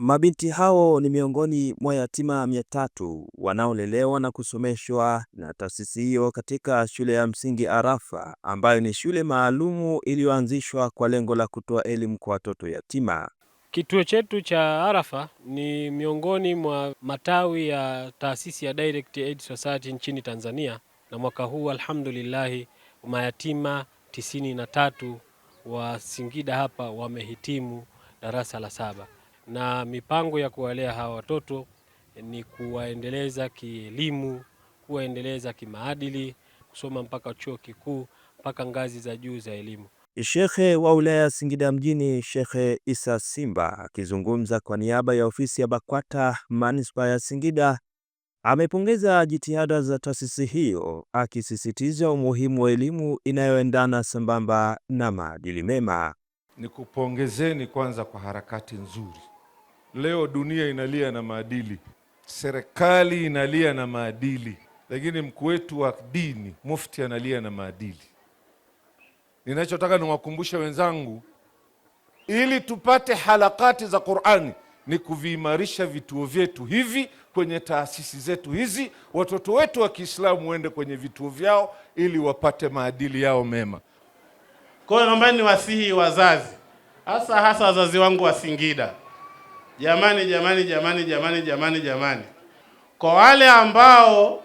Mabinti hao ni miongoni mwa yatima mia tatu wanaolelewa na kusomeshwa na taasisi hiyo katika shule ya msingi Arafa ambayo ni shule maalumu iliyoanzishwa kwa lengo la kutoa elimu kwa watoto yatima. Kituo chetu cha Arafa ni miongoni mwa matawi ya taasisi ya Direct Aid Society nchini Tanzania, na mwaka huu alhamdulillahi mayatima tisini na tatu wa Singida hapa wamehitimu darasa la saba na mipango ya kuwalea hawa watoto ni kuwaendeleza kielimu, kuwaendeleza kimaadili, kusoma mpaka chuo kikuu, mpaka ngazi za juu za elimu. Shekhe wa wilaya Singida mjini Shekhe Isa Simba akizungumza kwa niaba ya ofisi ya BAKWATA manispaa ya Singida amepongeza jitihada za taasisi hiyo akisisitiza umuhimu wa elimu inayoendana sambamba na maadili mema. Nikupongezeni kwanza kwa harakati nzuri Leo dunia inalia na maadili, serikali inalia na maadili, lakini mkuu wetu wa dini mufti analia na maadili. Ninachotaka niwakumbushe wenzangu, ili tupate halakati za Qurani ni kuviimarisha vituo vyetu hivi kwenye taasisi zetu hizi, watoto wetu wa Kiislamu waende kwenye vituo vyao ili wapate maadili yao mema. Kwa hiyo naomba niwasihi wazazi, hasa hasa wazazi wangu wa Singida Jamani, jamani, jamani, jamani, jamani, jamani! Kwa wale ambao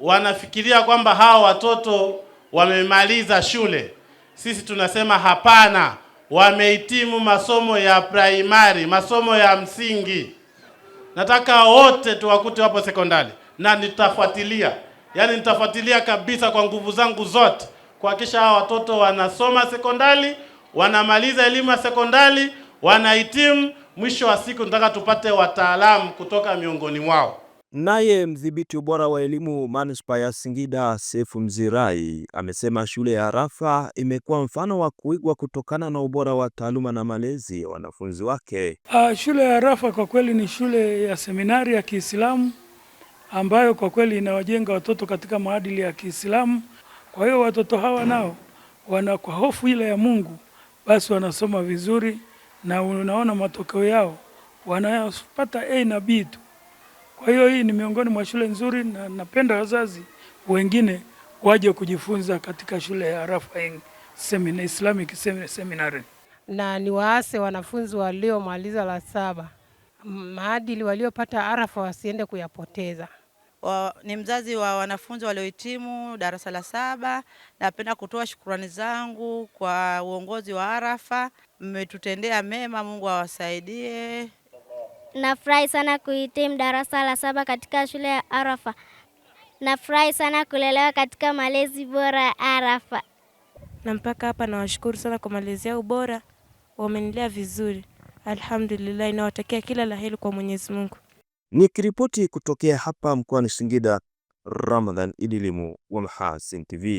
wanafikiria kwamba hawa watoto wamemaliza shule, sisi tunasema hapana, wamehitimu masomo ya praimari, masomo ya msingi. Nataka wote tuwakute wapo sekondari, na nitafuatilia, yaani nitafuatilia kabisa kwa nguvu zangu zote kuhakikisha hao watoto wanasoma sekondari, wanamaliza elimu ya sekondari, wanahitimu Mwisho wa siku nataka tupate wataalamu kutoka miongoni mwao. Naye mdhibiti ubora wa elimu manispaa ya Singida Sefu Mzirai amesema shule ya rafa imekuwa mfano wa kuigwa kutokana na ubora wa taaluma na malezi ya wanafunzi wake. Uh, shule ya rafa kwa kweli ni shule ya seminari ya Kiislamu ambayo kwa kweli inawajenga watoto katika maadili ya Kiislamu. Kwa hiyo watoto hawa nao wana kwa hofu ile ya Mungu, basi wanasoma vizuri na unaona matokeo yao wanayopata A na B tu. Kwa hiyo hii ni miongoni mwa shule nzuri, na napenda wazazi wengine waje kujifunza katika shule ya Al-Rafaeen Islamic Seminary, na ni waase wanafunzi waliomaliza la saba maadili waliopata Arafa wasiende kuyapoteza wa, ni mzazi wa wanafunzi waliohitimu darasa la saba. Napenda kutoa shukurani zangu kwa uongozi wa Arafa, mmetutendea mema, Mungu awasaidie. Nafurahi sana kuhitimu darasa la saba katika shule ya Arafa. Nafurahi sana kulelewa katika malezi bora ya Arafa, na mpaka hapa nawashukuru sana kwa malezi yao bora, wamenilea vizuri, alhamdulillah. Nawatakia kila la heri kwa Mwenyezi Mungu. Nikiripoti kutokea hapa mkoani Singida, Ramadhan Idilimu wa Mhasin TV.